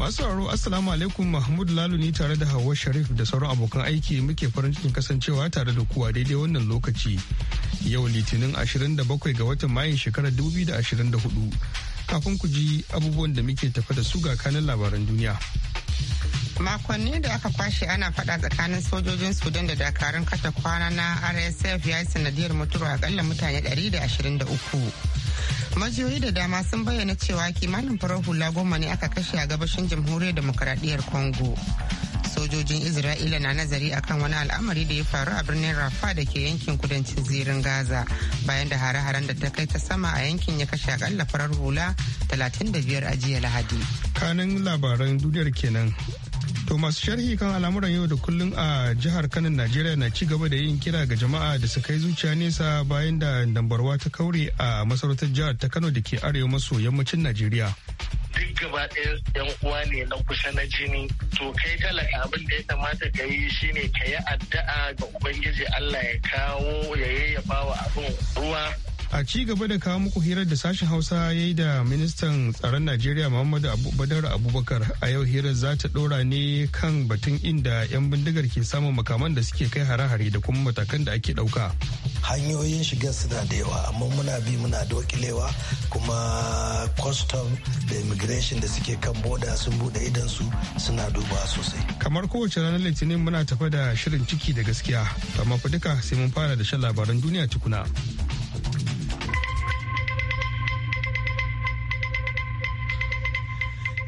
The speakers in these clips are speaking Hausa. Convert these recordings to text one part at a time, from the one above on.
Masu sauraro Assalamu alaikum Mahmud Lalu ne tare da Hauwa Sharif da sauran abokan aiki muke farin cikin kasancewa tare da kuwa daidai wannan lokaci. Yau Litinin 27 ga watan Mayun shekarar 2024. Kafin ku ji abubuwan da muke tafa da su ga kanan labaran duniya. makonni da aka kwashe ana fada tsakanin sojojin sudan da dakarun kata kwana na rsf ya yi sanadiyar mutuwa akalla mutane 123 majiyoyi da dama sun bayyana cewa kimanin farar hula goma ne aka kashe a gabashin jamhuriyar demokaradiyyar congo sojojin isra'ila na nazari akan wani al'amari da ya faru a birnin rafa da ke yankin kudancin zirin gaza bayan da hare-haren da ta kai ta sama a yankin ya kashe akalla farar hula 35 a jiya lahadi kanin labaran duniyar kenan To masu sharhi kan al'amuran yau da kullun a jihar Kano Najeriya na ci gaba da yin kira ga jama'a da su kai zuciya nesa bayan da dambarwa ta kaure a masarautar jihar ta Kano da ke arewa maso yammacin Najeriya. Duk gaba ɗaya yan uwa ne na kusa na jini. To kai talaka abin da ya kamata ka yi shine ka yi addu'a ga Ubangiji Allah ya kawo ya yayyaba wa abin ruwa a ci gaba da kawo muku hirar da sashen hausa ya yi da ministan tsaron najeriya muhammadu badar abubakar a yau hirar za ta dora ne kan batun inda 'yan bindigar ke samun makaman da suke kai hare-hare da kuma matakan da ake ɗauka. hanyoyin shiga suna da yawa amma muna bi muna dokilewa kuma custom da immigration da suke kan boda sun bude idan su suna duba sosai kamar kowace ranar litinin muna tafa da shirin ciki da gaskiya amma fa duka sai mun fara da shan labaran duniya tukuna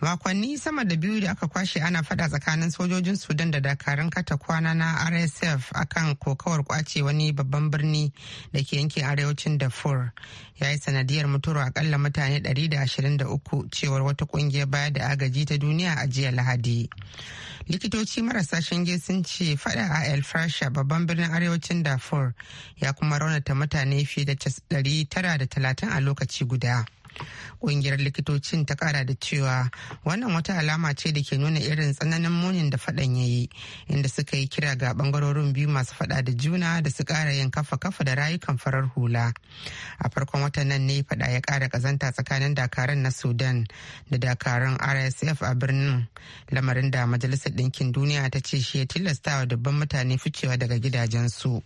makonni sama da biyu da aka kwashe ana fada tsakanin sojojin sudan da dakarun katakwana na rsf akan kokawar kwace wani babban birni da ke yankin arewacin darfur ya yi sanadiyar mutuwar akalla mutane 123 cewar wata kungiyar baya da agaji ta duniya a jiya lahadi likitoci marasa shinge sun ce fada a el fasha babban birnin arewacin darfur ya kuma raunata mutane fiye da 930 a lokaci guda. Ƙungiyar likitocin ta ƙara da cewa wannan wata alama ce da ke nuna irin tsananin munin da faɗan ya yi inda suka yi kira ga ɓangarorin biyu masu faɗa da juna da su ƙara yin kafa-kafa da rayukan farar hula. A farkon watan nan ne faɗa ya ƙara ƙazanta tsakanin dakaran na Sudan da dakaran RSF a birnin lamarin da Majalisar Ɗinkin Duniya ta ce shi ya tilasta wa dubban mutane ficewa daga gidajensu.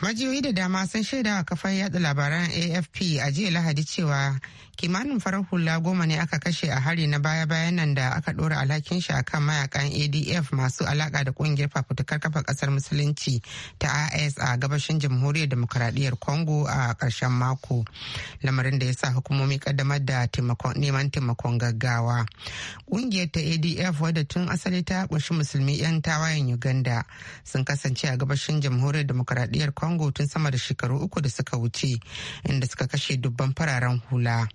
majiyoyi da dama sun shaida a kafar yada labaran afp a jiya lahadi cewa kimanin farar hula goma ne aka kashe a hari na baya-bayan nan da aka ɗora alhakin shi akan mayakan adf masu alaka da ƙungiyar fafutukar kafa ƙasar musulunci ta is a gabashin jamhuriyar demokuraɗiyyar congo a ƙarshen mako lamarin da ya sa hukumomi kaddamar da neman taimakon gaggawa ƙungiyar ta adf wadda tun asali ta kunshi musulmi 'yan tawayen uganda sun kasance a gabashin jamhuriyar demokuraɗiyyar congo tun sama da shekaru uku da suka wuce inda suka kashe dubban fararen hula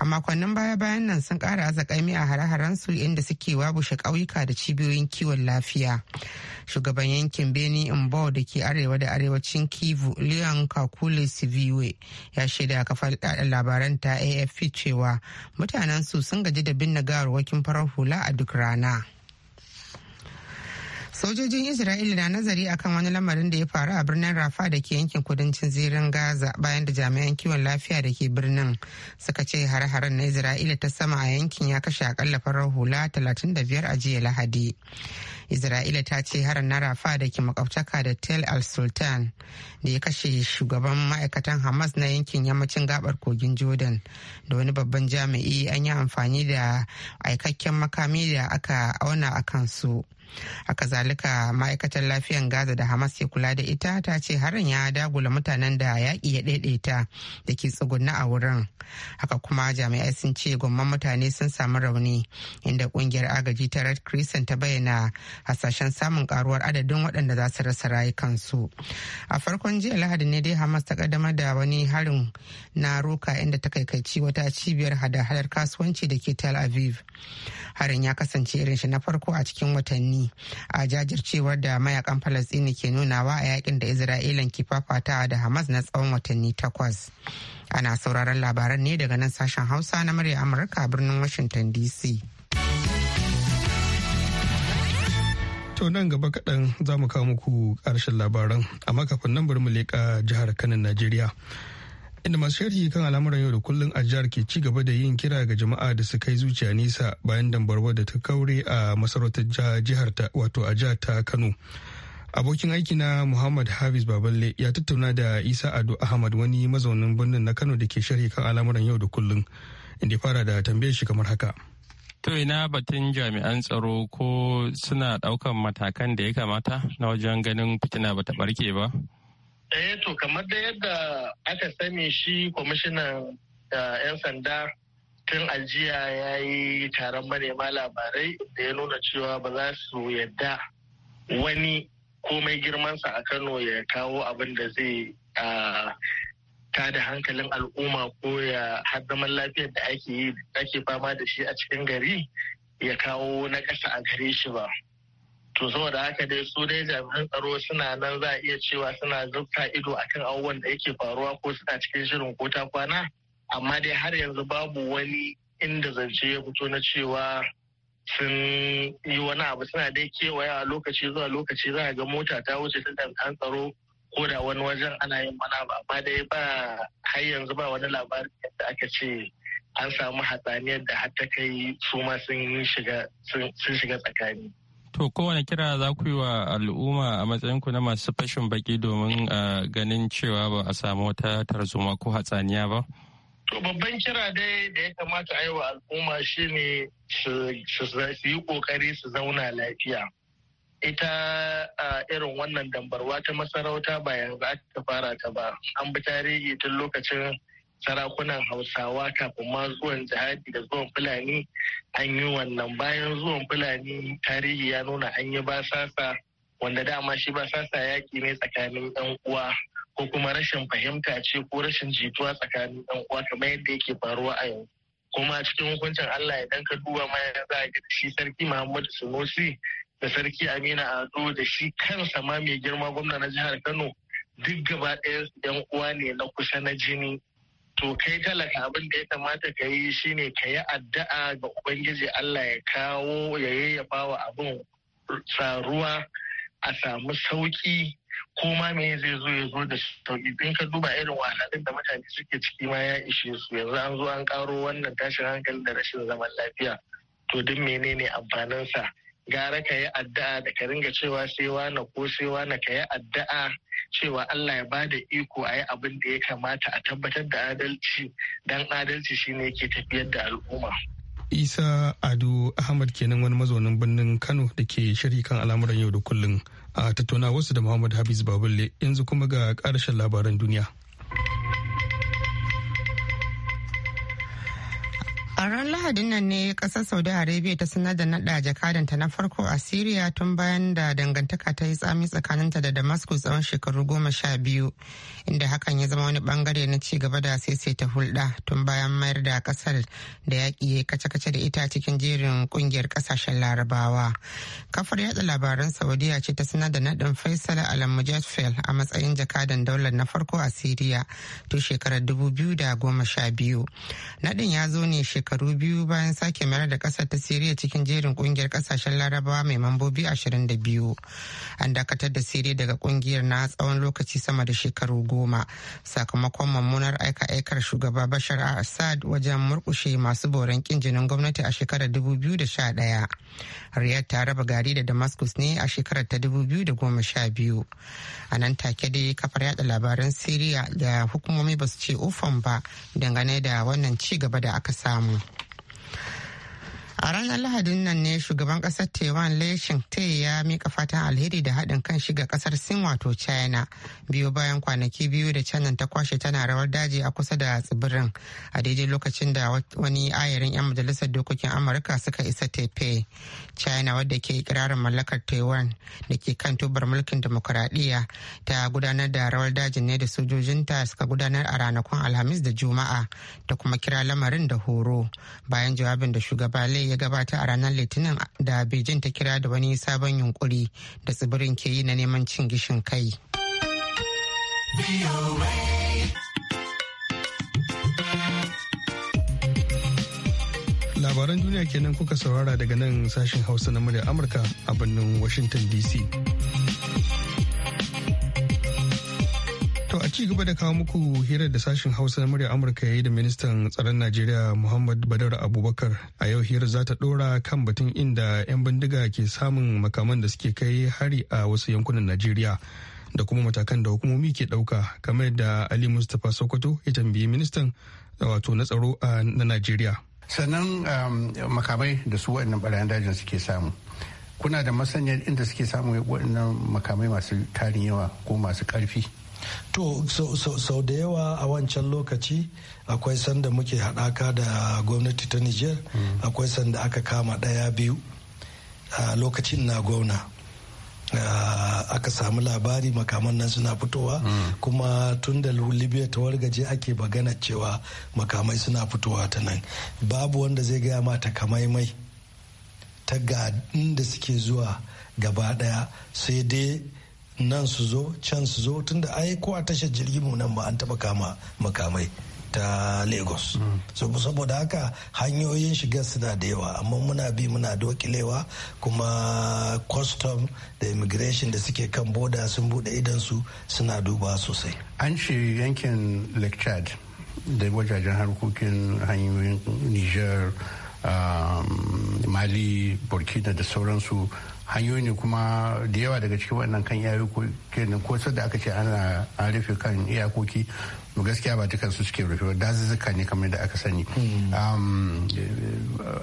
a makonnin baya-bayan nan sun kara azakami a hare-harensu inda suke wabushe ƙauyuka da cibiyoyin kiwon lafiya shugaban yankin beni mbo da ke arewa da arewacin kivu leon kakule siviwe ya shaida kafar labaran ta afp cewa mutanen sun gaji da binne gawarwakin farar hula a duk rana Sojojin Isra'ila na nazari akan wani lamarin da ya faru a birnin Rafa da ke yankin kudancin zirin Gaza bayan da jami'an kiwon lafiya da ke birnin suka ce har-haren na Isra'ila ta sama a yankin ya kashe akalla farar hula 35 a jiya Lahadi. Isra'ila ta ce harin na Rafa da ke makwabtaka da Tel al-Sultan da ya kashe shugaban ma'aikatan Hamas na yankin yammacin gabar kogin Jordan da wani babban jami'i an yi amfani da aikakken makami da aka auna a kansu. haka zalika ma'aikatar lafiyan gaza da hamas ke kula da ita ta ce harin ya dagula mutanen da yaƙi ya ɗaiɗaita da ke tsugunna a wurin haka kuma jami'ai sun ce gomman mutane sun samu rauni inda ƙungiyar agaji ta red crescent ta bayyana hasashen samun karuwar adadin waɗanda za su rasa rayukansu a farkon jiya lahadi ne dai hamas ta kaddamar da wani harin na roka inda ta kaikaici wata cibiyar hada-hadar kasuwanci da ke tel aviv harin ya kasance irin shi na farko a cikin watanni gani a jajircewar da mayakan falastini ke nunawa a yakin da isra'ilan ke fafatawa da hamas na tsawon watanni takwas ana sauraron labaran ne daga nan sashen hausa na murya amurka birnin washington dc To nan gaba kaɗan za mu kawo muku ƙarshen labaran, amma kafin nan bari mu leƙa jihar kanan Najeriya. inda masu sharhi kan al'amuran yau da kullun a jihar ke ci gaba da yin kira ga jama'a da su kai zuciya nisa bayan dambarwar da ta kaure a masarautar jihar ta wato a jihar ta Kano. Abokin aiki na Muhammad Hafiz Baballe ya tattauna da Isa Ado Ahmad wani mazaunin birnin na Kano da ke sharhi kan al'amuran yau da kullun inda fara da tambayar shi kamar haka. To ina batun jami'an tsaro ko suna daukan matakan da ya kamata na wajen ganin fitina bata barke ba? Eh to kamar da yadda aka sani shi kwamishinan eh, 'yan sanda tun aljiya ya yi taron manema labarai da ya nuna cewa ba za su yadda wani komai girmansa a Kano ya kawo abin da zai ah, ta da hankalin al'umma ko ya haddaman lafiyar da ake fama da shi a cikin gari ya kawo na ƙasa a gare shi ba. to saboda haka dai su dai jami'an tsaro suna nan za a iya cewa suna zubta ido a akan abubuwan da yake faruwa ko suna cikin shirin ko ta kwana amma dai har yanzu babu wani inda zance ya fito na cewa sun yi wani abu suna dai kewaya a lokaci zuwa lokaci za a ga mota ta wuce ta jami'an tsaro ko da wani wajen ana yin mana ba amma dai ba har yanzu ba wani labarin da aka ce an samu hatsaniyar da har ta kai su ma sun shiga tsakani. To kowane kira za ku yi wa al'umma a matsayinku na masu fashin baki domin ganin cewa ba a samu wata tarzoma ko hatsaniya ba? To babban kira dai da ya kamata a yi wa al'umma shi ne su yi kokari su zauna lafiya. ita a irin wannan dambarwa ta masarauta ba yanzu aka fara ta ba an bi tarihi tun lokacin sarakunan hausawa kafin ma zuwan jihadi da zuwan fulani an yi wannan bayan zuwan fulani tarihi ya nuna an yi basasa wanda dama shi basasa yaƙi ne tsakanin yan uwa ko kuma rashin fahimta ce ko rashin jituwa tsakanin yan uwa kamar yadda yake faruwa a yau. kuma cikin hukuncin Allah idan ka duba ma za a gida shi sarki Muhammadu Sunusi da sarki Amina Ado da shi kansa ma mai girma gwamna na jihar Kano duk gaba ɗaya yan uwa ne na kusa na jini to kai talaka abin da ya kamata ka yi shine ka yi addu'a ga ubangiji Allah ya kawo ya yayyaba wa abin tsaruwa a samu sauki ko ma me zai zo ya zo da sauki in ka duba irin wahalhalun da mutane suke ciki ma ya ishe su yanzu an zo an karo wannan tashin hankali da rashin zaman lafiya to duk menene amfaninsa gara ka yi addu'a da ka ringa cewa sai na ko sai na ka yi addu'a cewa Allah ya ba da iko a yi abin da ya kamata a tabbatar da adalci don adalci shine ke tafiyar da al'umma. Isa Ado Ahmad kenan wani mazaunin birnin Kano da ke shiri kan al'amuran yau da kullum a tattauna wasu da Muhammad habiz babulle yanzu kuma ga ƙarshen labaran duniya. A ran Lahadin nan ne kasar Saudi Arabia ta sanar da nada jakadanta na farko a Siriya tun bayan da dangantaka ta yi tsami tsakaninta da Damascus tsawon shekaru goma sha biyu, inda hakan ya zama wani bangare na ci gaba da ta hulɗa tun bayan mayar da kasar da yaƙi ya kace-kace da ita cikin jerin ƙungiyar ƙasashen Larabawa. Kafar yatsa labaran Saudiya ce ta sanar da nadin Faisal al a matsayin jakadan daular na farko a Siriya tun shekarar dubu biyu da goma sha biyu. Nadin ya zo ne shekaru shekaru biyu bayan sake mayar da kasar ta siriya cikin jerin kungiyar kasashen larabawa mai mambobi 22 an dakatar da siriya daga kungiyar na tsawon lokaci sama da shekaru goma sakamakon mummunar aika-aikar shugaba bashar assad wajen murkushe masu boran kin jinin gwamnati a shekarar 2011 riyar ta raba gari da damascus ne a shekarar ta 2012 a nan take dai kafar yada labaran siriya da hukumomi ba su ce ufan ba dangane da wannan ci gaba da aka samu Mm-hmm. A ranar Lahadin nan ne shugaban kasar Taiwan Lai ta ya mika fatan alheri da haɗin kan shiga kasar Sin wato China biyu bayan kwanaki biyu da China ta kwashe tana rawar daji a kusa da tsibirin a daidai lokacin da wani ayarin 'yan majalisar dokokin Amurka suka isa Taipei. China wadda ke ikirarin mallakar Taiwan da ke kan tubar mulkin demokuraɗiyya ta gudanar da rawar dajin ne da sojojinta suka gudanar a ranakun Alhamis da Juma'a da kuma kira lamarin da horo bayan jawabin da shugaba Lai ya gabata a ranar Litinin da Beijing ta kira da wani sabon yunkuri da tsibirin ke yi na neman cin gishin kai. Labaran duniya kenan kuka saurara daga nan sashen Hausa na murya Amurka a birnin Washington DC. To a ci gaba da kawo muku hirar da sashen Hausa na murya Amurka ya yi da ministan tsaron Najeriya Muhammad Badar Abubakar. A yau hirar za ta ɗora kan batun inda 'yan bindiga ke samun makaman da suke kai hari a wasu yankunan Najeriya da kuma matakan da hukumomi ke ɗauka kamar da Ali Mustapha Sokoto ya tambayi ministan wato na tsaro na Najeriya. Sannan um, makamai da su waɗannan barayan dajin suke samu. Kuna da masaniyar inda suke samu waɗannan makamai masu tarin yawa ko masu ƙarfi. to sau da yawa a wancan lokaci akwai sanda muke haɗaka da gwamnati ta niger mm. akwai sanda aka kama ɗaya biyu a lokacin na gwamna aka samu labari makaman nan suna fitowa mm. kuma tun da libya ta wargaje ake magana cewa makamai suna fitowa ta nan babu wanda zai gaya mata mai ta ga inda suke zuwa gaba daya sai dai nan su zo can su zo tunda ai ko a tashar jirgin mu nan ba an taba kama makamai ta lagos mm. so saboda haka hanyoyin shiga suna da yawa amma muna bi muna dokilewa kuma custom da immigration da suke kan boda sun bude idansu suna duba sosai an ce yankin lake chad da wajajen harkokin hanyoyin niger um, mali burkina da sauransu hanyoyi ne kuma da yawa daga cikin wannan kan iyakokin ko da aka ce ana an rufe kan iyakoki gaskiya ba dukan su suke rufe dazuzzuka ne kamar da aka sani hmm.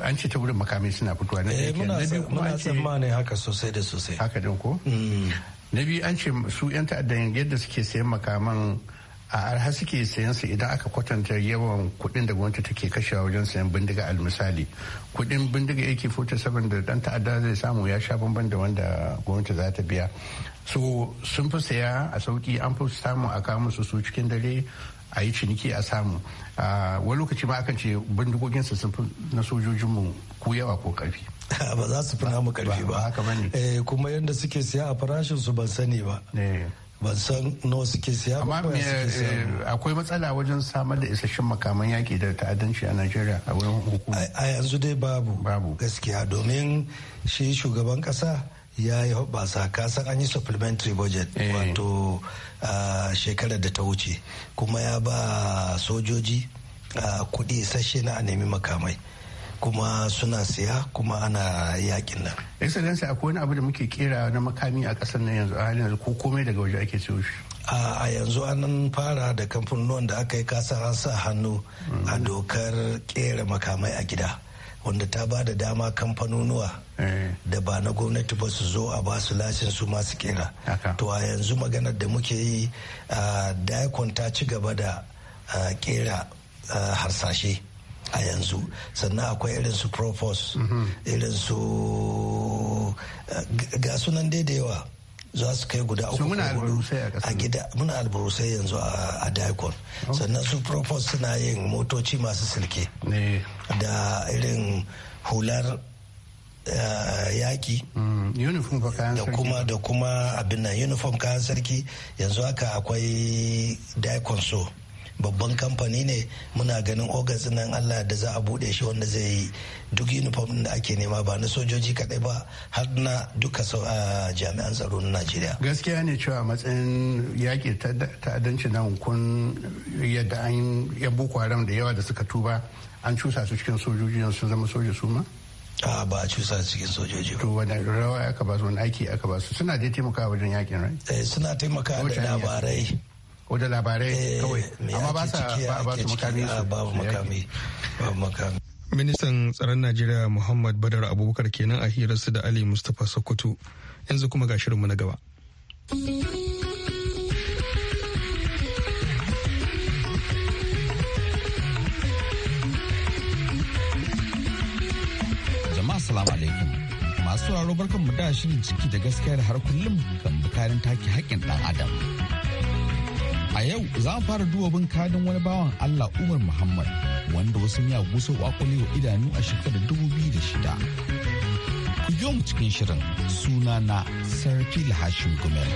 an ce ta wurin makamai suna fitowa na eh, kuma ne haka sosai da sosai haka ko hmm. na biyu an ce su yan ta'addan yadda suke sayan makaman a arha suke sayan su idan aka kwatanta yawan kuɗin da gwamnati take kashewa wajen sayan bindiga al misali kuɗin bindiga yake fota da dan ta'adda zai samu ya sha bamban da wanda gwamnati za ta biya so sun fi saya a sauki an fi samu a kawo musu su cikin dare a yi ciniki a samu wani lokaci ma akan ce bindigogin su sun fi na sojojin mu ko yawa ko karfi ba za su fi namu karfi ba eh, kuma yadda suke saya a farashin su ban sani ba eh. ban san nawa suke siya ba amma eh, akwai matsala wajen samar da isasshen makaman yaki da ta'addanci a Najeriya a wurin hukuma a yanzu dai babu babu gaskiya domin shi shugaban kasa ya yi ka kasan an yi supplementary budget eh. wato shekarar da ta wuce kuma ya ba sojoji kuɗi isasshe na a nemi makamai kuma suna siya kuma ana yakin nan. excellency akwai wani abu da muke kera na makami a kasar nan yanzu a halin ko komai daga waje ake siyo shi a yanzu an fara da kamfanin da aka yi kasa an sa hannu mm. a dokar kera makamai a gida wanda ta ba da dama kamfanonuwa eh. da ba na gwamnati ba su zo a ba su lashin su masu kera to a yanzu maganar da muke yi daikon ta ci gaba da kera harsashe a yanzu sannan akwai irin su propose irin su eh, ga sunan dai da yawa za su kai guda uku a gida muna alburusai yanzu a daikon oh. sannan su propose suna yin motoci masu silke da irin hular eh, yaki mm, da kuma da kuma abin nan uniform kayan sarki yanzu haka akwai daikon so babban kamfani ne muna ganin ogansu nan allah da za a buɗe shi wanda zai yi duk uniform da ake nema ba na sojoji kadai ba har na duka a jami'an tsaro na najeriya gaskiya ne cewa matsayin yaƙi ta'addanci nan kun yadda an ya boko haram da yawa da suka tuba an cusa su cikin sojoji su zama soja su ma a ba a cusa cikin sojoji to wani rawa aka ba su wani aiki aka ba su suna dai taimakawa wajen yakin rai eh, suna taimakawa da labarai da labarai eh, kawai amma ba sa su makami ah, babu makami babu makami ministan tsaron najeriya muhammad badar abubakar kenan a hirarsu da ali mustapha sokoto yanzu kuma ga shirinmu na gaba jama'a salamu alaikum masu sauraro barkan mu da shirin ciki da gaskiya da har kullum kan bukarin take haƙƙin ɗan adam A yau za mu fara bin kadin wani bawan Allah Umar Muhammad wanda wasu miya gusa kwakwale wa idanu a shekarar dubu biyu da shida. Ku biyo mu cikin shirin suna na Sarki Lahashin Gumel.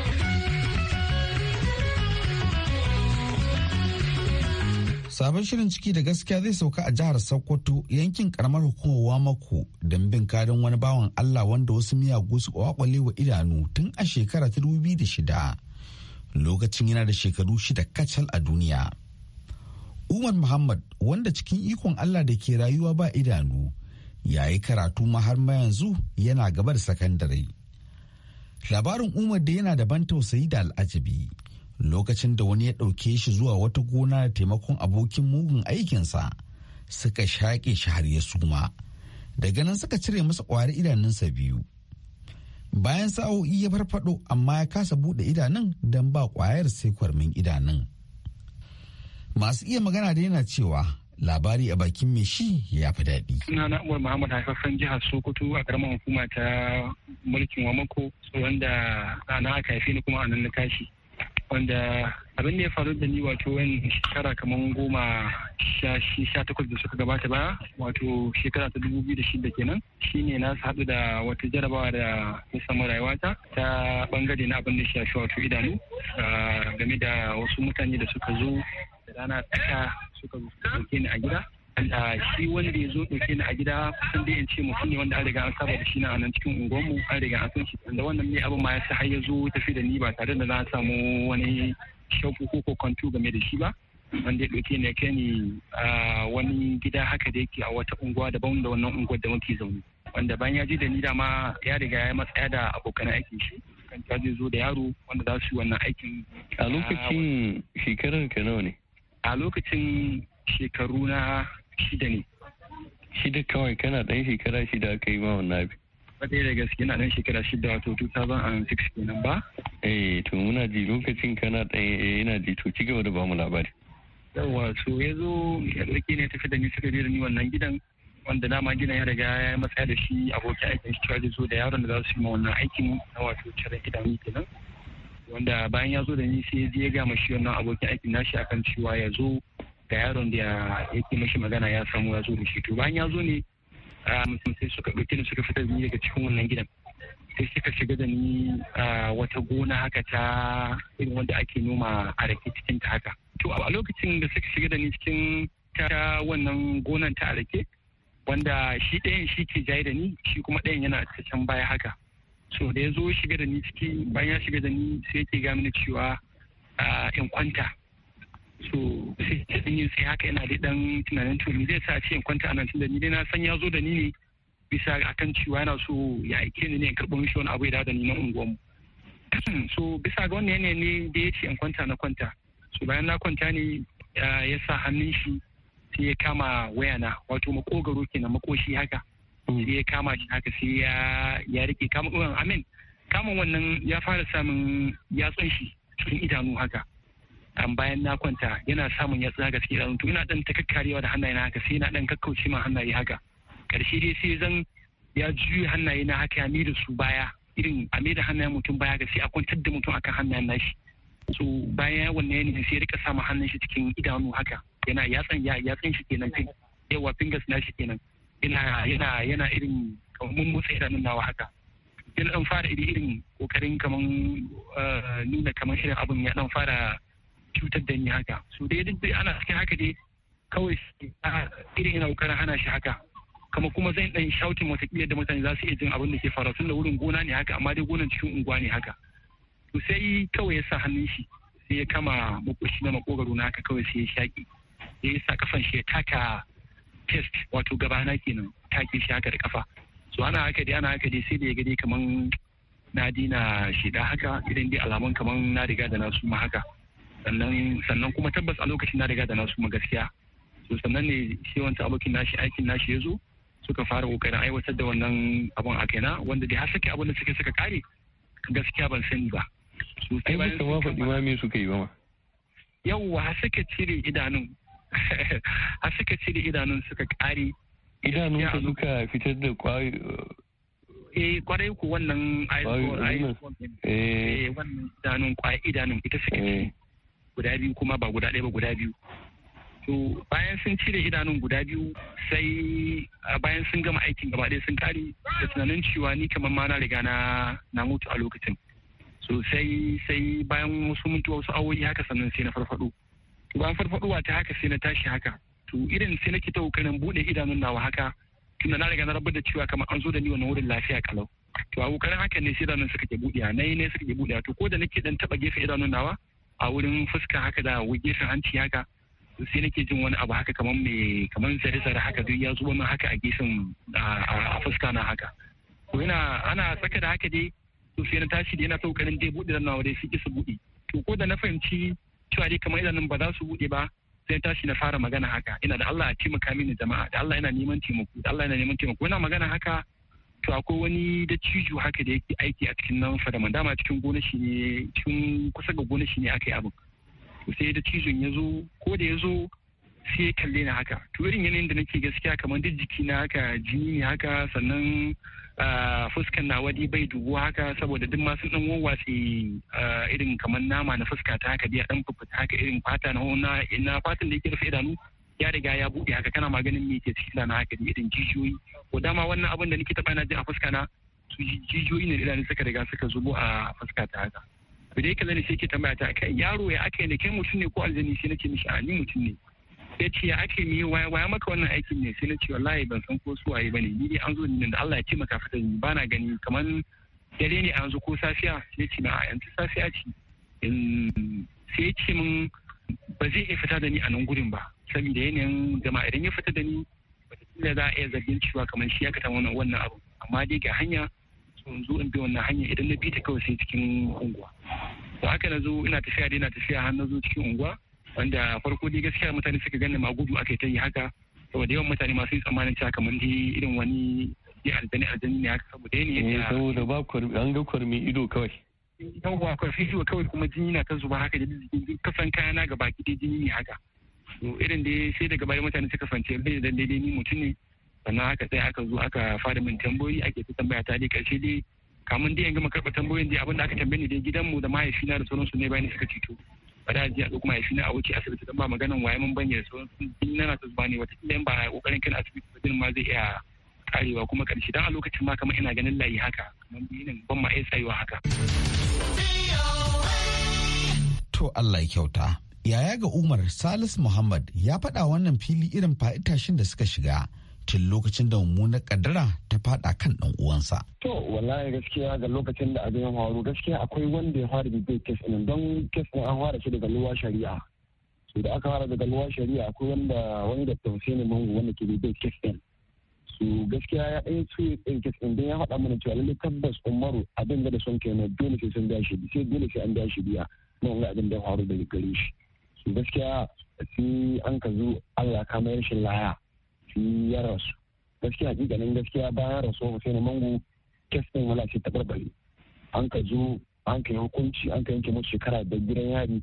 Sabon shirin ciki da gaskiya zai sauka a jihar Sokoto yankin karamar hukumowa mako don bin kadin wani bawan Allah wanda wasu miyagu su kwakwale wa idanu tun a shekara ta dubu biyu da shida. lokacin yana da shekaru shida kacal a duniya. Umar Muhammad wanda cikin ikon Allah da ke rayuwa ba idanu ya yi karatu ma har ma yanzu yana gaba da sakandare. Labarin Umar da yana da ban tausayi da al'ajabi lokacin da wani ya ɗauke shi zuwa wata gona da taimakon abokin mugun aikinsa suka shaƙe shi har ya suma. Daga nan suka cire masa ƙwari idanunsa biyu. bayan sa'o'i ya farfado amma ya kasa bude idanun don ba kwayar sai kwarmin idanun masu iya magana da yana cewa labari a bakin mai shi ya fi daɗi. Suna na Uwar Muhammad haifafen jihar Sokoto a karamar hukuma ta mulkin Wamako wanda na aka haife ni kuma a nan na tashi. wanda abin da ya faru da ni wato wani shekara kamar goma sha takwas da suka gabata ba wato shekara ta dubu biyu da shida kenan shine na haɗu da wata jarabawa da ya samu rayuwata ta bangare na abin da shafi wato idanu game da wasu mutane da suka zo da rana ta suka zo ni a gida Ah, shi wanda ya zo ɗauke ni a gida kusan dai in ce mutum ne wanda an riga an saba da shi na nan cikin unguwarmu an riga an san shi da wannan ne abin ma ya sa har ya zo tafi da ni ba tare da na samu wani shauku ko kokonto game da shi ba wanda ya ɗauke ni kai ni a ah, wani gida haka da yake a wata unguwa daban da wannan unguwar da muke zaune wanda bayan ya je da ni dama ya riga ya matsaya da abokan aikin shi kan ta zo da yaro wanda za su yi wannan aikin a lokacin ah, shekarar ka nawa ne a lokacin shekaru na shida ne shida kawai kana dan shekara shida aka yi ma wannan abin kwaɗaya da gaske na ɗan shekara shida wato 2006 kenan ba? Eh to muna ji lokacin kana ɗaya yana eh, ji to ci gaba da bamu labari. yawa so ya zo rike ne tafi da ni suka je da ni wannan gidan wanda dama gidan ya riga ya yi matsaya da shi abokin aikin shi cewa zo da yaron da za su yi ma wannan aikin na wato cire idanu kenan. Wanda bayan ya zo da ni sai ya je ya gama shi wannan abokin aikin nashi akan cewa ya zo ga yaron da ya kuma shi magana ya samu ya zo da shi to bayan ya zo ne sai suka ɗauke ni suka fitar da ni daga cikin wannan gidan sai suka shiga da ni wata gona haka ta irin wanda ake noma a rake cikin ta haka to a lokacin da suka shiga da ni cikin ta wannan gonan ta rake wanda shi ɗayan shi ke jaye da ni shi kuma ɗayan yana can baya haka so da ya zo shiga da ni ciki bayan ya shiga da ni sai ke ga da cewa in kwanta so sai dan yin sai haka yana dai dan tunanin to zai sa ce in kwanta tun da ni dai na san ya zo da ni ne bisa akan cewa yana so ya aike ni ne in karɓo mishi wani abu ya da ni na unguwanmu so bisa ga wannan yanayin ne da ya ce in kwanta na kwanta so bayan na kwanta ne ya sa hannun shi sai ya kama waya na wato makogaro kenan makoshi haka mm. sai ya kama shi haka sai ya ya rike kama amin kama wannan ya fara samun yatsun shi cikin idanu haka an bayan na kwanta yana samun ya tsaga cikin idanu to ina dan takakkarewa da hannaye na haka sai ina dan kakkauce ma hannaye haka karshe dai sai zan ya juye hannaye na haka ya mai da su baya irin a mai da hannayen mutum baya ga sai a kwantar da mutum akan hannayen nashi so bayan wannan yanayin sai ya rika sama hannun shi cikin idanu haka yana yatsan ya yatsan shi kenan yawa fingers na shi kenan yana yana yana irin mun motsa idanun nawa haka yana dan fara irin kokarin kaman eh, nuna kaman shirin abun ya dan fara cutar da ni haka su dai duk ana cikin haka dai kawai irin yana kokarin hana shi haka kama kuma zan dan shautin watakila da mutane za su iya jin abin da ke faru tun da wurin gona ne haka amma dai gonan cikin unguwa ne haka to sai kawai ya sa hannun shi sai ya kama makoshi na makogaro na haka kawai sai ya shaki ya sa kafan shi ya taka test wato gabana kenan take shi haka da kafa so ana haka dai ana haka dai sai da ya gani kaman na dina shida haka idan dai alamun kaman na riga da na suma haka sannan sannan kuma tabbas a lokacin na riga da nasu kuma gaskiya to sannan ne shi wancan abokin nashi aikin nashi ya zo suka fara kokarin aiwatar da wannan abun a kaina wanda dai har suke abin da suke suka kare gaskiya ban sani ba su sai bayan sun kama me suka yi ba ma yawwa har suka cire idanun har suka cire idanun suka kare idanun ka suka fitar da kwayo eh kwarai ku wannan iPhone iPhone eh. eh wannan idanun kwayo idanun ita suka eh. cire guda biyu kuma ba guda ɗaya ba guda biyu to bayan sun cire idanun guda biyu sai bayan sun gama aikin gaba ɗaya sun kare da tunanin cewa ni kamar ma na riga na na mutu a lokacin so sai sai bayan wasu mintu wasu awoyi haka sannan sai na farfaɗo to bayan farfadowa ta haka sai na tashi haka to irin sai na ta ƙoƙarin buɗe idanun nawa haka tunda na riga na rabar da cewa kamar an zo da ni wannan wurin lafiya kalau to a kokarin haka ne sai idanun suka ke a nayi ne suka ke a to ko da nake ɗan taɓa gefe idanun nawa a wurin fuska haka da gefen hanci haka sai nake jin wani abu haka kamar mai kamar zare-zare haka duk ya zuba min haka a gefen a fuska na haka to yana ana saka da haka dai to sai na tashi da yana ta kokarin dai buɗe nawa dai suke su buɗe to ko da na fahimci cewa dai kamar idanun ba za su buɗe ba sai tashi na fara magana haka ina da Allah ya taimaka mini jama'a da Allah yana neman taimako da Allah yana neman taimako ina magana haka to akwai wani ciju haka da yake aiki a cikin nan ma dama cikin gona shi ne cikin kusa ga gona shi ne aka yi abin to sai dattijon ya zo ko da ya zo sai ya kalle ni haka to irin yanayin da nake gaskiya kamar duk jiki na haka jini ne haka sannan fuskan na wadi bai dubu haka saboda duk masu dan wawwatse irin kamar nama na fuska ta haka dai dan fufuta haka irin fata na na fatan da yake rufe idanu ya riga ya buɗe haka kana maganin me ke cikin na haka irin jijiyoyi ko dama wannan abin da nake taɓa na ji a fuska na su jijiyoyi ne idan suka riga suka zubo a fuska ta haka to dai kaza ne sai ke tambaya ta kai yaro ya aka ne kai mutum ne ko aljani sai nace mishi a ni mutum ne sai ce ya ake me waya waya maka wannan aikin ne sai nace wallahi ban san ko su waye bane ni dai an zo ne da Allah ya ce taimaka fita ni bana gani kaman dare ne a yanzu ko safiya sai ce na a yanzu safiya ce sai ce mun. ba zai iya fita da ni a nan gudun ba saboda yanayin jama'a idan ya fita da ni wataƙila za a iya zargin cewa kamar shi ya kata wannan abu amma dai ga hanya su zo in bi wannan hanya idan na bi ta kawai sai cikin unguwa to haka na zo ina tafiya dai ina tafiya har na zo cikin unguwa wanda farko dai gaskiya mutane suka gane ma gudu aka ta yi haka saboda yawan mutane masu yi tsammanin cewa kamar dai irin wani dai aljani aljani ne haka saboda yanayin eh, saboda ba an ga kwarmi ido kawai yawwa ka fito kawai kuma jini na ta zuba haka da kasan kayana ga baki dai jini ne haka to irin dai sai daga baya mutane suka fance bai da daidai ni mutum ne sannan haka sai aka zo aka fara min tambayoyi ake ta tambaya ta dai karshe dai kamun dai an gama karɓar tambayoyin dai abinda aka tambaye ne dai gidanmu da mahaifina da sauransu ne bayan suka ceto ba da ji a ɗauki mahaifina a wuce asibiti don ba maganan waye mun banye da sauransu jini na ta zuba ne wataƙila in ba kokarin kan asibiti ba ma zai iya karewa kuma karshe dan a lokacin ma kamar ina ganin layi haka kamar ban ma iya tsayuwa haka. To Allah ya kyauta. Yaya ga Umar Salis Muhammad ya faɗa wannan fili irin fa'itashin da suka shiga tun lokacin da mummunar kaddara ta faɗa kan ɗan uwansa. To wallahi gaskiya ga lokacin da abin ya faru gaskiya akwai wanda ya fara bibiyar kes ɗin don kes ɗin an fara shi daga luwa shari'a. su da aka fara daga luwa shari'a akwai wanda wani da tausayi mangu wanda ke bibiyar kes ɗin. su gaskiya ya ɗaya su yi ɗin kes ɗin don ya faɗa mana cewa lallai tabbas Umaru abin da son kai dole sai sun biya shi sai dole sai an biya shi biya. kuma wani abin da faru daga gare shi su gaskiya su an ka zo allah ka mayar shi laya su ya rasu gaskiya ganin gaskiya bayan rasu hussein Mangu kes ɗin wala ce tabarbare an ka zo an ka yi hukunci an ka yanke musu shekara da gidan yari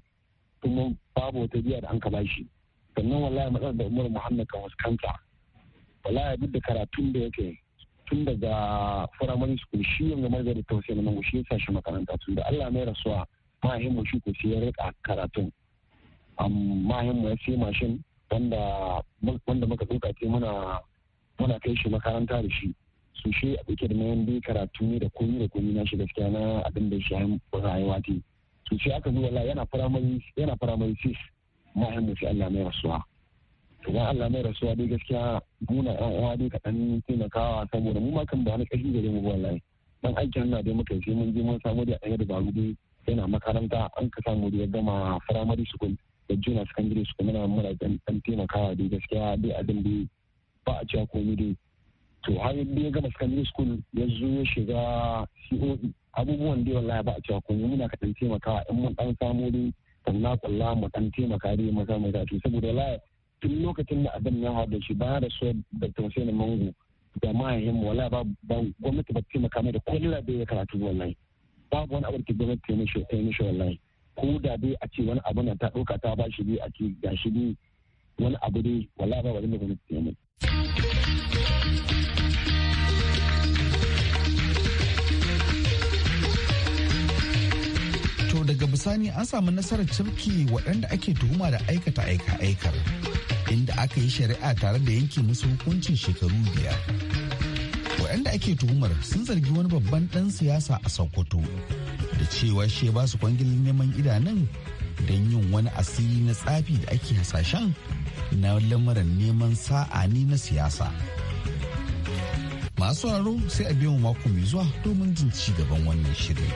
kuma babu wata biya da an ka bashi sannan wallahi matsalar da umar muhammad kan wasu kanta wallahi duk da karatun da yake tun daga firamare school shi yanga margari ta wasu Mangu shi ya sa shi makaranta tun da allah mai rasuwa mu shi ko sai ya rika karatun mahimmu ya sai mashin wanda wanda muka ɗauka ce muna muna kai shi makaranta da shi su shi a ɗauke da mayan dai karatu ne da komai da komai na shi gaskiya na abin da shi rayuwa ce to shi aka zuwa yana firamare yana firamare sis mu shi Allah mai rasuwa to dan Allah mai rasuwa dai gaskiya muna ɗan uwa dai kaɗan taimakawa saboda mu ma kan ba na ƙarfi gare mu wallahi dan aikin na dai muka sai mun je mun samu da ɗaya dabaru dai yana makaranta an ka samu da ya gama firamare su da juna su su school muna muna dan taimakawa da gaskiya dai abin da ba a cewa komi dai to har yadda ya gama secondary school ya zo ya shiga COE abubuwan da wallahi ba a cewa komi muna ka dan taimakawa in mun dan samu dai kalla kalla mu dan taimaka dai mu samu da to saboda wallahi tun lokacin da abin ya haɗa shi ba da so da tausayin mango da mahaihin mu wallahi ba gwamnati ba taimaka mai da kulla da ya karatu wallahi babu wani abu da gwamnati ta mishi ta mishi wallahi ko da dai a ce wani abu nan ta ɗauka ta ba shi dai a ce ga shi dai wani abu dai wallahi ba wani da gwamnati ta mishi. To daga bisani an samu nasarar cirki waɗanda ake tuhuma da aikata aika-aikar inda aka yi shari'a tare da yanke musu hukuncin shekaru biyar. waɗanda ake tuhumar sun zargi wani babban ɗan siyasa a sokoto da cewa shi ba su kwangilin neman idanun don yin wani asiri na tsafi da ake hasashen na lamarin neman sa'a ne na siyasa masu sauraro sai a biyan mako mai zuwa domin jin ci gaban wannan shirin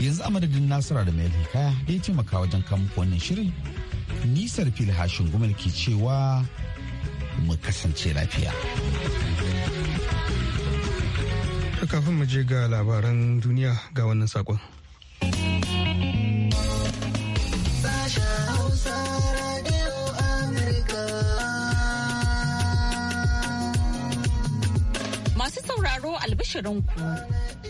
yanzu a madadin nasara da mai hikaya da ya taimaka wajen kama wannan shirin nisar fil hashin ke cewa mu kasance lafiya. kafin mu je ga labaran duniya ga wannan sakon. Masu sauraro albishirinku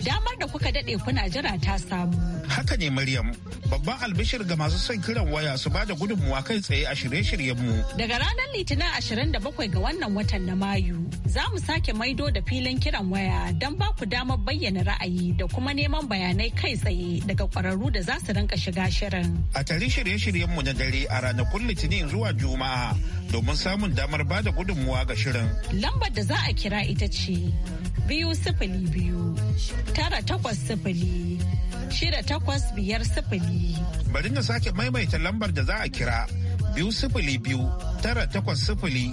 damar da kuka daɗe kuna jira ta samu. Haka ne Maryam, babban albishir ga masu son kiran waya su bada gudunmuwa kai tsaye a shirye mu. Daga ranar Litinin ashirin da bakwai ga wannan watan na Mayu, za mu sake maido da filin kiran waya don ba ku damar bayyana ra'ayi da kuma neman bayanai kai tsaye daga kwararru da za su rinka shiga shirin. A tare shirye shiryen mu na dare a ranakun Litinin zuwa Juma'a domin samun damar bada gudunmuwa ga shirin. Lambar da za a kira ita ce biyu sifili biyu tara takwas sifili shida takwas biyar sifili. Bari na sake maimaita lambar da za a kira biyu sifili biyu tara takwas sifili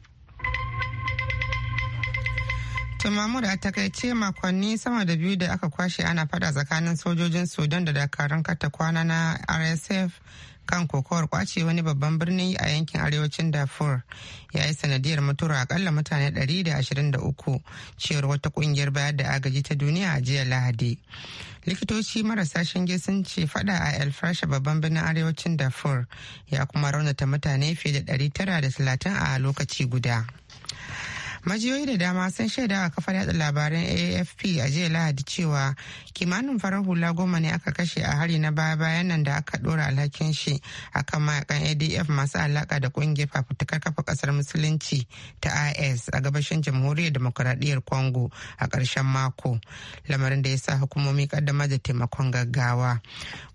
Tumamur a takaice makonni sama da biyu da aka kwashe ana fada tsakanin sojojin Sudan da dakarun katakwana na RSF kan kokowar kwace wani babban birni a yankin arewacin darfur ya yi sanadiyar mutuwar akalla mutane 123 cewar wata kungiyar bayar da agaji ta duniya a jiya lahadi likitoci marasa shinge sun ce fada a el fasha babban birnin arewacin darfur ya kuma raunata mutane fiye da 930 a lokaci guda majiyoyi da dama sun shaida a kafar yada labaran afp a jiya lahadi cewa kimanin farar hula goma ne aka kashe a hari na baya bayan nan da aka dora alhakin shi akan mayakan adf masu alaka da kungiyar fafutukar kafa kasar musulunci ta is a gabashin jamhuriyar demokuraɗiyyar congo a ƙarshen mako lamarin da ya sa hukumomi kaddamar da taimakon gaggawa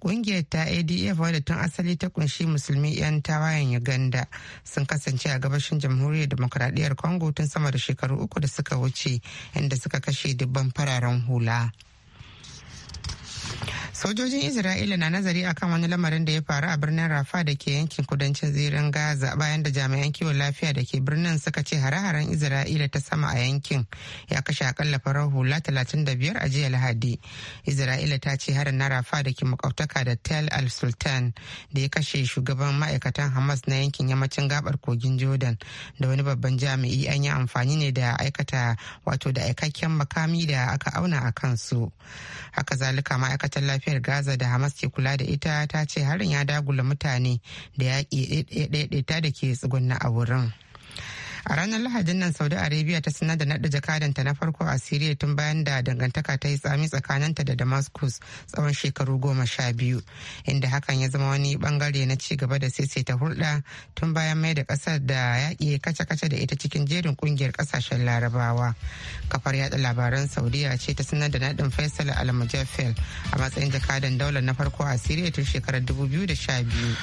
kungiyar ta adf wadda tun asali ta kunshi musulmi 'yan tawayen uganda sun kasance a gabashin jamhuriyar demokuraɗiyyar congo tun sama shekaru uku da suka wuce inda suka kashe dubban fararen hula. sojojin isra'ila na nazari akan wani lamarin da ya faru a birnin rafa da ke yankin kudancin zirin gaza bayan da jami'an kiwon lafiya da ke birnin suka ce hare-haren isra'ila ta sama a yankin ya kashe akalla farar hula 35 a jiya lahadi isra'ila ta ce harin na rafa da ke makautaka da tel al sultan da ya kashe shugaban ma'aikatan hamas na yankin yammacin gabar kogin jordan da wani babban jami'i an yi amfani ne da aikata wato da aikakken makami da aka auna a kansu haka zalika ma'aikatar lafiyar gaza da hamas ke kula da ita ta ce harin ya dagula mutane da yaƙi ɗaiɗaita da ke tsugunna a wurin. a ranar lahadin nan saudi arabia ta sanar da naɗa jakadanta na farko a siriya tun bayan da dangantaka ta yi tsami tsakaninta da damascus tsawon shekaru goma sha biyu inda hakan ya zama wani bangare na ci gaba da ta hulɗa tun bayan mai da ƙasar da yaƙi kace-kace da ita cikin jerin ƙungiyar ƙasashen larabawa kafar yaɗa labaran saudiya ce ta sanar da naɗin faisal al a matsayin jakadan daular na farko a siriya tun shekarar dubu da sha biyu.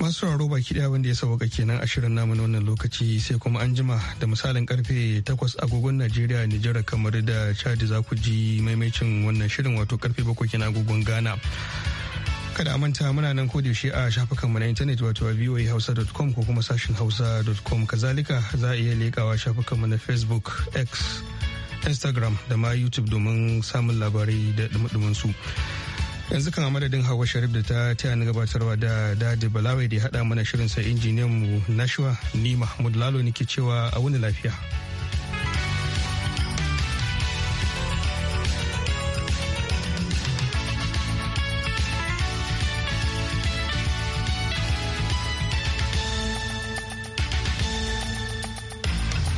masu sauraro baki daya wanda ya sauka kenan a shirin namu na wannan lokaci sai kuma an jima da misalin karfe 8 agogon najeriya nijar kamar da chad za ku ji maimacin wannan shirin wato karfe 7 kenan agogon ghana kada a manta muna nan ko yaushe a mu na intanet wato a voahausa.com ko kuma sashin hausa.com kazalika za a iya lekawa mu na facebook x instagram da ma youtube domin samun labarai da dumadumansu su yanzu kan madadin hawa sharif da ta taya ni gabatarwa da dadi balawai da ya haɗa mana shirin sai injiniyan mu nashwa ni mahmud lalo nake cewa a wani lafiya